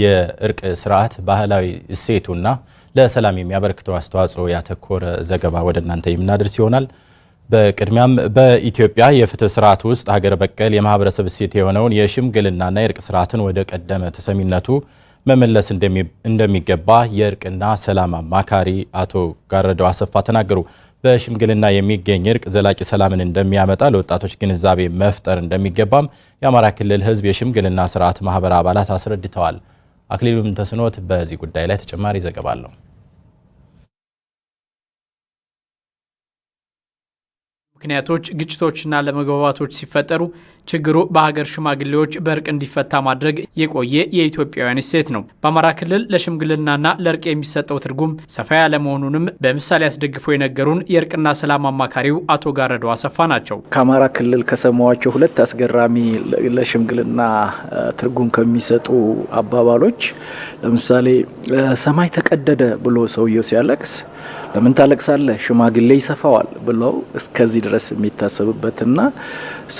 የእርቅ ስርዓት ባህላዊ እሴቱና ለሰላም የሚያበረክተው አስተዋጽኦ ያተኮረ ዘገባ ወደ እናንተ የምናደርስ ይሆናል። በቅድሚያም በኢትዮጵያ የፍትህ ስርዓት ውስጥ ሀገር በቀል የማህበረሰብ እሴት የሆነውን የሽምግልናና የእርቅ ስርዓትን ወደ ቀደመ ተሰሚነቱ መመለስ እንደሚገባ የእርቅና ሰላም አማካሪ አቶ ጋረደው አሰፋ ተናገሩ። በሽምግልና የሚገኝ እርቅ ዘላቂ ሰላምን እንደሚያመጣ ለወጣቶች ግንዛቤ መፍጠር እንደሚገባም የአማራ ክልል ህዝብ የሽምግልና ስርዓት ማህበር አባላት አስረድተዋል። አክሊሉም ተስኖት በዚህ ጉዳይ ላይ ተጨማሪ ዘገባ አለው። ምክንያቶች ግጭቶችና ለመግባባቶች ሲፈጠሩ ችግሩ በሀገር ሽማግሌዎች በእርቅ እንዲፈታ ማድረግ የቆየ የኢትዮጵያውያን እሴት ነው። በአማራ ክልል ለሽምግልናና ለእርቅ የሚሰጠው ትርጉም ሰፋ ያለ መሆኑንም በምሳሌ አስደግፎ የነገሩን የእርቅና ሰላም አማካሪው አቶ ጋረዶ አሰፋ ናቸው። ከአማራ ክልል ከሰማዋቸው ሁለት አስገራሚ ለሽምግልና ትርጉም ከሚሰጡ አባባሎች ለምሳሌ ሰማይ ተቀደደ ብሎ ሰውየው ሲያለቅስ ለምን ታለቅሳለህ? ሽማግሌ ይሰፋዋል ብለው እስከዚህ ድረስ የሚታሰብበትና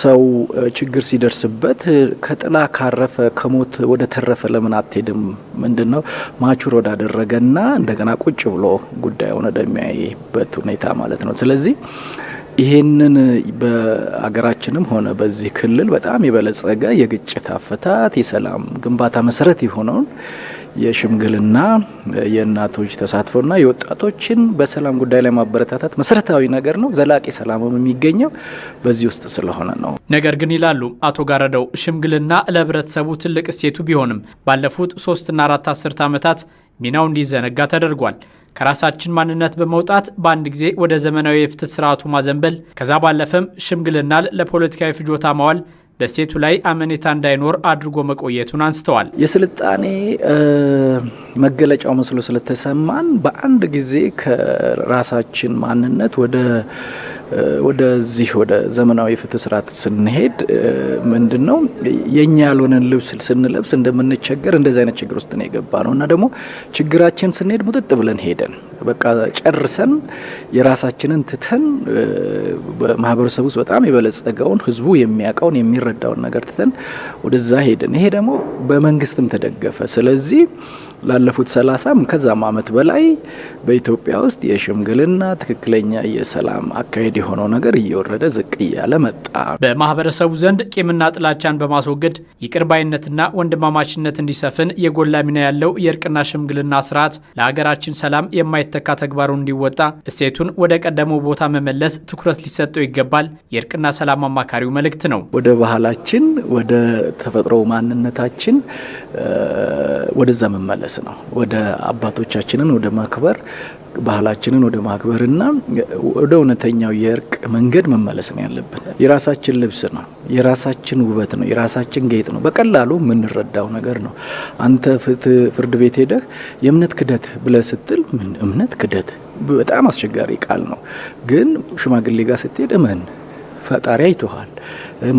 ሰው ችግር ሲደርስበት ከጥላ ካረፈ ከሞት ወደ ተረፈ ለምን አትሄድም? ምንድን ነው ማቹር ወዳደረገና እንደገና ቁጭ ብሎ ጉዳዩን ወደሚያይበት ሁኔታ ማለት ነው። ስለዚህ ይህንን በሀገራችንም ሆነ በዚህ ክልል በጣም የበለጸገ የግጭት አፈታት የሰላም ግንባታ መሰረት የሆነውን የሽምግልና የእናቶች ተሳትፎና የወጣቶችን በሰላም ጉዳይ ላይ ማበረታታት መሰረታዊ ነገር ነው። ዘላቂ ሰላምም የሚገኘው በዚህ ውስጥ ስለሆነ ነው። ነገር ግን ይላሉ አቶ ጋረደው ሽምግልና ለህብረተሰቡ ትልቅ እሴቱ ቢሆንም ባለፉት ሶስትና አራት አስርት ዓመታት ሚናው እንዲዘነጋ ተደርጓል። ከራሳችን ማንነት በመውጣት በአንድ ጊዜ ወደ ዘመናዊ የፍትህ ስርዓቱ ማዘንበል ከዛ ባለፈም ሽምግልናል ለፖለቲካዊ ፍጆታ ማዋል በሴቱ ላይ አመኔታ እንዳይኖር አድርጎ መቆየቱን አንስተዋል። የስልጣኔ መገለጫው መስሎ ስለተሰማን በአንድ ጊዜ ከራሳችን ማንነት ወደ ወደዚህ ወደ ዘመናዊ የፍትህ ስርዓት ስንሄድ ምንድን ነው የእኛ ያልሆነን ልብስ ስንለብስ እንደምንቸገር እንደዚህ አይነት ችግር ውስጥ ነው የገባ ነው እና ደግሞ ችግራችን ስንሄድ ሙጥጥ ብለን ሄደን በቃ ጨርሰን የራሳችንን ትተን በማህበረሰብ ውስጥ በጣም የበለጸገውን ህዝቡ የሚያውቀውን የሚረዳውን ነገር ትተን ወደዛ ሄደን ይሄ ደግሞ በመንግስትም ተደገፈ። ስለዚህ ላለፉት ሰላሳም ከዛም አመት በላይ በኢትዮጵያ ውስጥ የሽምግልና ትክክለኛ የሰላም አካሄድ የሆነው ነገር እየወረደ ዝቅ እያለ መጣ። በማህበረሰቡ ዘንድ ቂምና ጥላቻን በማስወገድ ይቅርባይነትና ወንድማማችነት እንዲሰፍን የጎላ ሚና ያለው የእርቅና ሽምግልና ስርዓት ለሀገራችን ሰላም የማይተካ ተግባሩን እንዲወጣ እሴቱን ወደ ቀደመው ቦታ መመለስ ትኩረት ሊሰጠው ይገባል የእርቅና ሰላም አማካሪው መልእክት ነው። ወደ ባህላችን፣ ወደ ተፈጥሮ ማንነታችን ወደዛ መመለስ መመለስ ነው። ወደ አባቶቻችንን ወደ ማክበር ባህላችንን ወደ ማክበርና ወደ እውነተኛው የእርቅ መንገድ መመለስ ነው ያለብን። የራሳችን ልብስ ነው፣ የራሳችን ውበት ነው፣ የራሳችን ጌጥ ነው። በቀላሉ የምንረዳው ነገር ነው። አንተ ፍትህ ፍርድ ቤት ሄደህ የእምነት ክደት ብለህ ስትል ምን እምነት ክደት በጣም አስቸጋሪ ቃል ነው። ግን ሽማግሌ ጋር ስትሄድ እመን ፈጣሪ አይቶሃል፣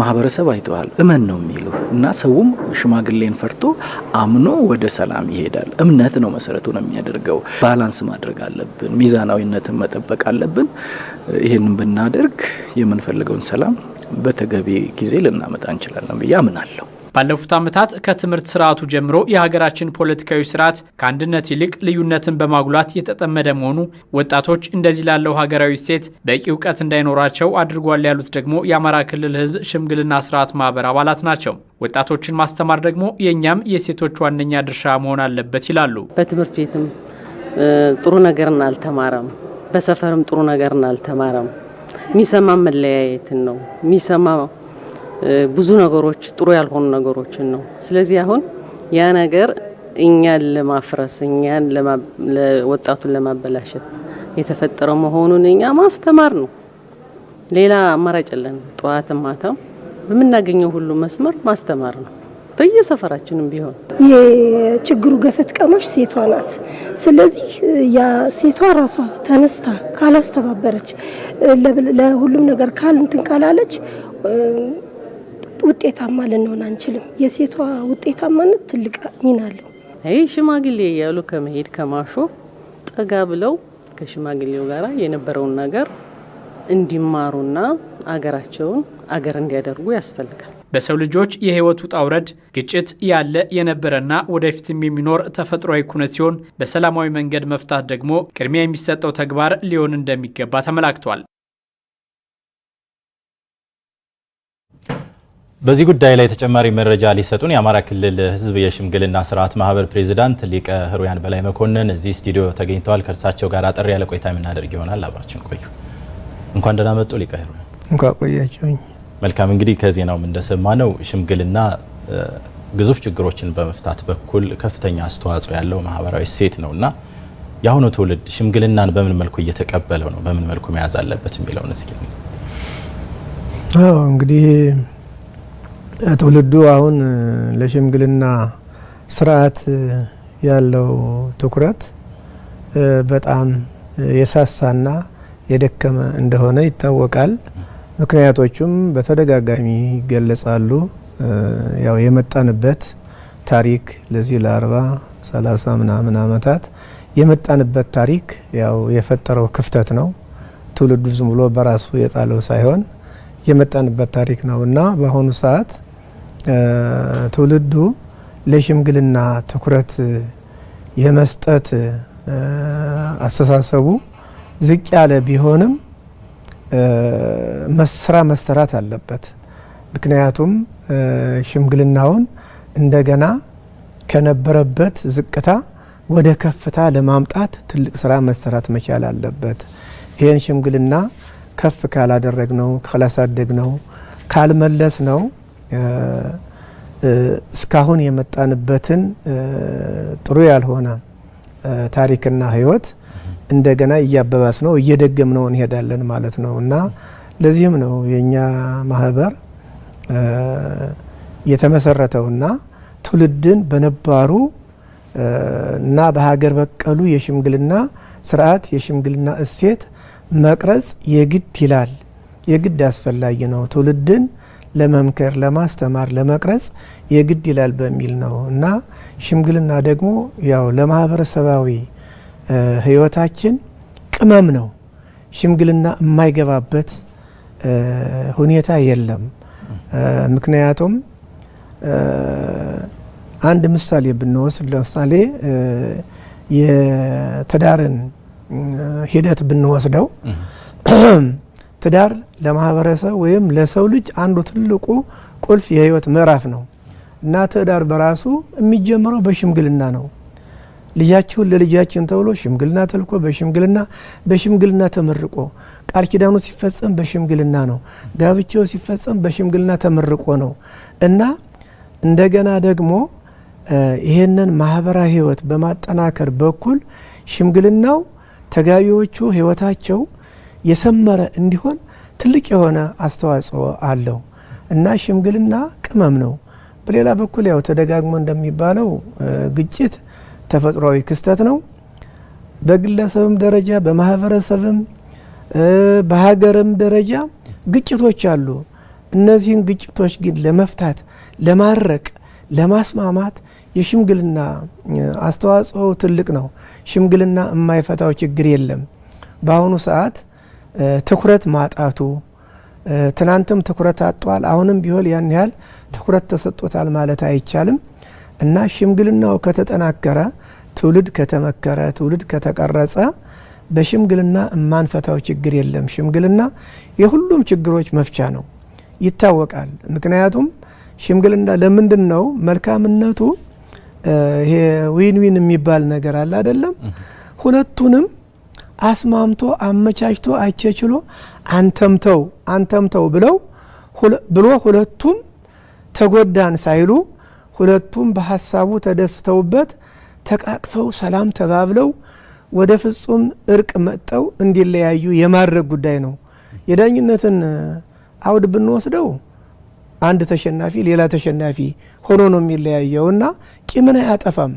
ማህበረሰብ አይቶሃል፣ እመን ነው የሚሉ እና ሰውም ሽማግሌን ፈርቶ አምኖ ወደ ሰላም ይሄዳል። እምነት ነው መሰረቱን የሚያደርገው። ባላንስ ማድረግ አለብን፣ ሚዛናዊነትን መጠበቅ አለብን። ይህንን ብናደርግ የምንፈልገውን ሰላም በተገቢ ጊዜ ልናመጣ እንችላለን ብዬ አምናለሁ። ባለፉት ዓመታት ከትምህርት ስርዓቱ ጀምሮ የሀገራችን ፖለቲካዊ ስርዓት ከአንድነት ይልቅ ልዩነትን በማጉላት የተጠመደ መሆኑ ወጣቶች እንደዚህ ላለው ሀገራዊ ሴት በቂ እውቀት እንዳይኖራቸው አድርጓል ያሉት ደግሞ የአማራ ክልል ህዝብ ሽምግልና ስርዓት ማህበር አባላት ናቸው። ወጣቶችን ማስተማር ደግሞ የእኛም የሴቶች ዋነኛ ድርሻ መሆን አለበት ይላሉ። በትምህርት ቤትም ጥሩ ነገርን አልተማረም፣ በሰፈርም ጥሩ ነገርን አልተማረም። የሚሰማ መለያየትን ነው የሚሰማ ብዙ ነገሮች ጥሩ ያልሆኑ ነገሮችን ነው። ስለዚህ አሁን ያ ነገር እኛን ለማፍረስ እኛን ወጣቱን ለማበላሸት የተፈጠረው መሆኑን እኛ ማስተማር ነው። ሌላ አማራጭ የለን። ጠዋትም ማታም በምናገኘው ሁሉ መስመር ማስተማር ነው። በየሰፈራችንም ቢሆን የችግሩ ገፈት ቀማሽ ሴቷ ናት። ስለዚህ ያ ሴቷ ራሷ ተነስታ ካላስተባበረች፣ ለሁሉም ነገር ካልንትን ካላለች ውጤታማ ልንሆን አንችልም። የሴቷ ውጤታማነት ትልቅ ሚና አለው። ይህ ሽማግሌ እያሉ ከመሄድ ከማሾ ጠጋ ብለው ከሽማግሌው ጋር የነበረውን ነገር እንዲማሩና አገራቸውን አገር እንዲያደርጉ ያስፈልጋል። በሰው ልጆች የህይወት ውጣ ውረድ ግጭት ያለ የነበረና ወደፊትም የሚኖር ተፈጥሯዊ ኩነት ሲሆን በሰላማዊ መንገድ መፍታት ደግሞ ቅድሚያ የሚሰጠው ተግባር ሊሆን እንደሚገባ ተመላክቷል። በዚህ ጉዳይ ላይ ተጨማሪ መረጃ ሊሰጡን የአማራ ክልል ህዝብ የሽምግልና ስርዓት ማህበር ፕሬዚዳንት ሊቀ ህሩያን በላይ መኮንን እዚህ ስቱዲዮ ተገኝተዋል። ከእርሳቸው ጋር አጠር ያለ ቆይታ የምናደርግ ይሆናል። አብራችን ቆዩ። እንኳን ደህና መጡ ሊቀ ህሩያን። እንኳ ቆያቸውኝ። መልካም እንግዲህ ከዜናውም እንደሰማ ነው ሽምግልና ግዙፍ ችግሮችን በመፍታት በኩል ከፍተኛ አስተዋጽኦ ያለው ማህበራዊ እሴት ነው እና የአሁኑ ትውልድ ሽምግልናን በምን መልኩ እየተቀበለው ነው፣ በምን መልኩ መያዝ አለበት የሚለውን እስኪ እንግዲህ ትውልዱ አሁን ለሽምግልና ስርዓት ያለው ትኩረት በጣም የሳሳና የደከመ እንደሆነ ይታወቃል። ምክንያቶቹም በተደጋጋሚ ይገለጻሉ። ያው የመጣንበት ታሪክ ለዚህ ለአርባ ሰላሳ ምናምን አመታት የመጣንበት ታሪክ ያው የፈጠረው ክፍተት ነው። ትውልዱ ዝም ብሎ በራሱ የጣለው ሳይሆን የመጣንበት ታሪክ ነው እና በአሁኑ ሰዓት ትውልዱ ለሽምግልና ትኩረት የመስጠት አስተሳሰቡ ዝቅ ያለ ቢሆንም መስራ መሰራት አለበት። ምክንያቱም ሽምግልናውን እንደገና ከነበረበት ዝቅታ ወደ ከፍታ ለማምጣት ትልቅ ስራ መሰራት መቻል አለበት። ይህን ሽምግልና ከፍ ካላደረግ ነው ካላሳደግ ነው ካልመለስ ነው እስካሁን የመጣንበትን ጥሩ ያልሆነ ታሪክና ህይወት እንደገና እያበባስ ነው እየደገም ነው እንሄዳለን ማለት ነው እና ለዚህም ነው የእኛ ማህበር የተመሰረተውና ትውልድን በነባሩ እና በሀገር በቀሉ የሽምግልና ስርዓት የሽምግልና እሴት መቅረጽ የግድ ይላል። የግድ አስፈላጊ ነው ትውልድን ለመምከር፣ ለማስተማር፣ ለመቅረጽ የግድ ይላል በሚል ነው እና ሽምግልና ደግሞ ያው ለማህበረሰባዊ ህይወታችን ቅመም ነው። ሽምግልና የማይገባበት ሁኔታ የለም። ምክንያቱም አንድ ምሳሌ ብንወስድ ለምሳሌ የትዳርን ሂደት ብንወስደው ትዳር ለማህበረሰብ ወይም ለሰው ልጅ አንዱ ትልቁ ቁልፍ የህይወት ምዕራፍ ነው እና ትዳር በራሱ የሚጀምረው በሽምግልና ነው። ልጃችሁን ለልጃችን ተብሎ ሽምግልና ተልኮ በሽምግልና በሽምግልና ተመርቆ ቃል ኪዳኑ ሲፈጸም በሽምግልና ነው። ጋብቻው ሲፈጸም በሽምግልና ተመርቆ ነው እና እንደገና ደግሞ ይሄንን ማህበራዊ ህይወት በማጠናከር በኩል ሽምግልናው ተጋቢዎቹ ህይወታቸው የሰመረ እንዲሆን ትልቅ የሆነ አስተዋጽኦ አለው እና ሽምግልና ቅመም ነው። በሌላ በኩል ያው ተደጋግሞ እንደሚባለው ግጭት ተፈጥሯዊ ክስተት ነው። በግለሰብም ደረጃ በማህበረሰብም በሀገርም ደረጃ ግጭቶች አሉ። እነዚህን ግጭቶች ግን ለመፍታት፣ ለማረቅ፣ ለማስማማት የሽምግልና አስተዋጽኦ ትልቅ ነው። ሽምግልና የማይፈታው ችግር የለም በአሁኑ ሰዓት ትኩረት ማጣቱ ትናንትም ትኩረት አጧል። አሁንም ቢሆን ያን ያህል ትኩረት ተሰጥቶታል ማለት አይቻልም እና ሽምግልናው ከተጠናከረ ትውልድ ከተመከረ ትውልድ ከተቀረጸ በሽምግልና እማንፈታው ችግር የለም። ሽምግልና የሁሉም ችግሮች መፍቻ ነው፣ ይታወቃል። ምክንያቱም ሽምግልና ለምንድን ነው መልካምነቱ? ይሄ ዊን ዊን የሚባል ነገር አለ አይደለም? ሁለቱንም አስማምቶ አመቻችቶ አቸችሎ አንተምተው አንተምተው ብለው ብሎ ሁለቱም ተጎዳን ሳይሉ ሁለቱም በሀሳቡ ተደስተውበት ተቃቅፈው ሰላም ተባብለው ወደ ፍጹም እርቅ መጠው እንዲለያዩ የማድረግ ጉዳይ ነው። የዳኝነትን አውድ ብንወስደው አንድ ተሸናፊ ሌላ ተሸናፊ ሆኖ ነው የሚለያየው እና ቂምን አያጠፋም።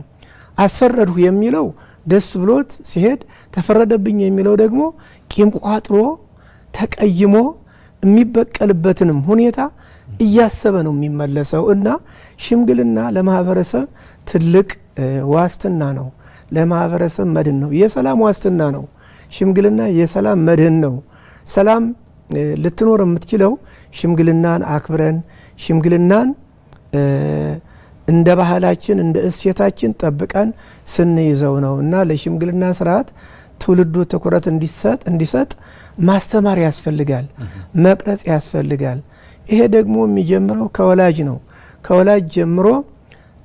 አስፈረድሁ የሚለው ደስ ብሎት ሲሄድ ተፈረደብኝ የሚለው ደግሞ ቂም ቋጥሮ ተቀይሞ የሚበቀልበትንም ሁኔታ እያሰበ ነው የሚመለሰው እና ሽምግልና ለማህበረሰብ ትልቅ ዋስትና ነው። ለማህበረሰብ መድን ነው። የሰላም ዋስትና ነው። ሽምግልና የሰላም መድህን ነው። ሰላም ልትኖር የምትችለው ሽምግልናን አክብረን ሽምግልናን እንደ ባህላችን እንደ እሴታችን ጠብቀን ስንይዘው ነው እና ለሽምግልና ስርዓት ትውልዱ ትኩረት እንዲሰጥ እንዲሰጥ ማስተማር ያስፈልጋል፣ መቅረጽ ያስፈልጋል። ይሄ ደግሞ የሚጀምረው ከወላጅ ነው። ከወላጅ ጀምሮ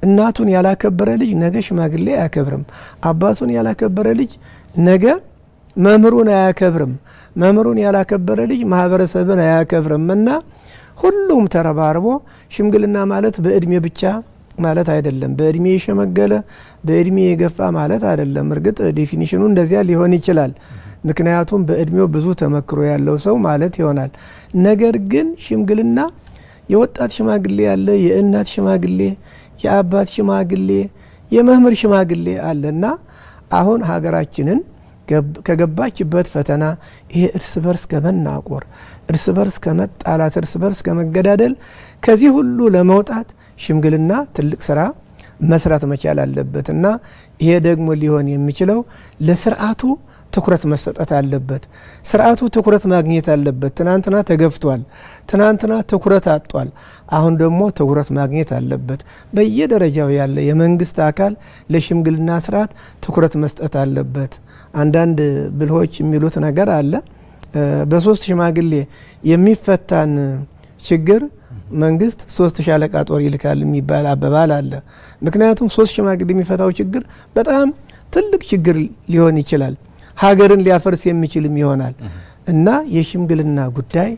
እናቱን ያላከበረ ልጅ ነገ ሽማግሌ አያከብርም። አባቱን ያላከበረ ልጅ ነገ መምህሩን አያከብርም። መምህሩን ያላከበረ ልጅ ማህበረሰብን አያከብርም እና ሁሉም ተረባርቦ ሽምግልና ማለት በእድሜ ብቻ ማለት አይደለም። በእድሜ የሸመገለ በእድሜ የገፋ ማለት አይደለም። እርግጥ ዴፊኒሽኑ እንደዚያ ሊሆን ይችላል። ምክንያቱም በእድሜው ብዙ ተመክሮ ያለው ሰው ማለት ይሆናል። ነገር ግን ሽምግልና የወጣት ሽማግሌ ያለ፣ የእናት ሽማግሌ፣ የአባት ሽማግሌ፣ የመምህር ሽማግሌ አለና አሁን ሀገራችንን ከገባችበት ፈተና ይሄ እርስ በርስ ከመናቆር፣ እርስ በርስ ከመጣላት፣ እርስ በርስ ከመገዳደል ከዚህ ሁሉ ለመውጣት ሽምግልና ትልቅ ስራ መስራት መቻል አለበት እና ይሄ ደግሞ ሊሆን የሚችለው ለስርዓቱ ትኩረት መሰጠት አለበት። ስርዓቱ ትኩረት ማግኘት አለበት። ትናንትና ተገፍቷል። ትናንትና ትኩረት አጧል። አሁን ደግሞ ትኩረት ማግኘት አለበት። በየደረጃው ያለ የመንግስት አካል ለሽምግልና ስርዓት ትኩረት መስጠት አለበት። አንዳንድ ብልሆች የሚሉት ነገር አለ። በሶስት ሽማግሌ የሚፈታን ችግር መንግስት ሶስት ሻለቃ ጦር ይልካል የሚባል አባባል አለ። ምክንያቱም ሶስት ሽማግሌ የሚፈታው ችግር በጣም ትልቅ ችግር ሊሆን ይችላል፣ ሀገርን ሊያፈርስ የሚችልም ይሆናል እና የሽምግልና ጉዳይ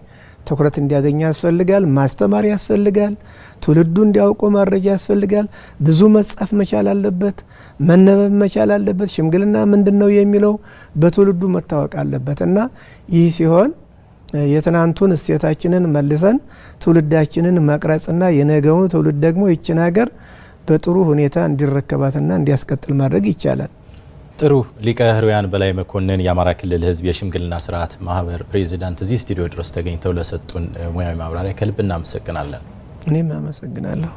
ትኩረት እንዲያገኝ ያስፈልጋል። ማስተማር ያስፈልጋል። ትውልዱ እንዲያውቁ ማድረግ ያስፈልጋል። ብዙ መጻፍ መቻል አለበት። መነበብ መቻል አለበት። ሽምግልና ምንድን ነው የሚለው በትውልዱ መታወቅ አለበት እና ይህ ሲሆን የትናንቱን እሴታችንን መልሰን ትውልዳችንን መቅረጽና የነገውን ትውልድ ደግሞ ይችን ሀገር በጥሩ ሁኔታ እንዲረከባትና እንዲያስቀጥል ማድረግ ይቻላል። ጥሩ ሊቀ ሕሩያን በላይ መኮንን የአማራ ክልል ህዝብ የሽምግልና ስርዓት ማህበር ፕሬዚዳንት፣ እዚህ ስቱዲዮ ድረስ ተገኝተው ለሰጡን ሙያዊ ማብራሪያ ከልብ እናመሰግናለን። እኔም አመሰግናለሁ።